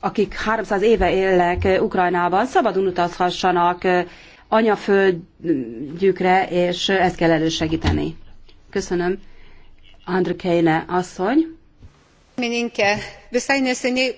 akik 300 éve élnek eh, Ukrajnában, szabadon utazhassanak eh, anyaföldjükre, és eh, ezt kell elősegíteni. Köszönöm. Andrikéne asszony. Mininke, visai neseniai